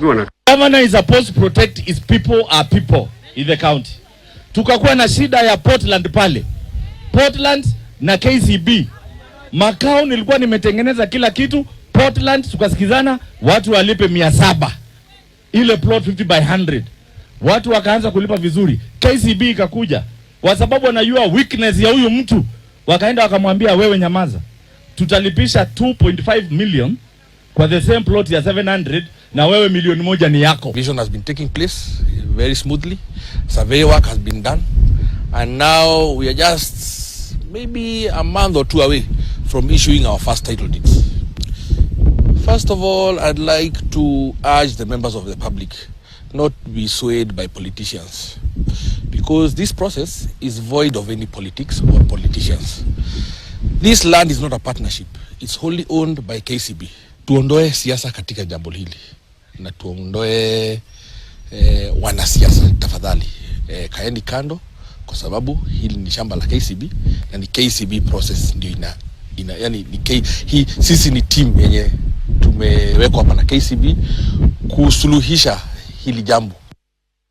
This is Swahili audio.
ukiwa na governor is supposed to protect his people are people in the county. Tukakuwa na shida ya Portland pale Portland na KCB makao, nilikuwa nimetengeneza kila kitu Portland, tukasikizana watu walipe mia saba ile plot 50 by 100 watu wakaanza kulipa vizuri. KCB ikakuja kwa sababu wanajua weakness ya huyu mtu, wakaenda wakamwambia, wewe nyamaza, tutalipisha 2.5 million kwa the same plot ya 700 na wewe milioni moja ni yako. Vision has been taking place very smoothly. Survey work has been done and now we are just maybe a month or two away from issuing our first title deeds. First of all, I'd like to urge the members of the public not be swayed by politicians because this process is void of any politics or politicians. This land is not a partnership. It's wholly owned by KCB tuondoe siasa katika jambo hili na tuondoe eh, wanasiasa tafadhali. Eh, kaeni kando, kwa sababu hili ni shamba la KCB na ni KCB process ndio ina, ina yani ni K, hi, sisi ni timu yenye tumewekwa hapa na KCB kusuluhisha hili jambo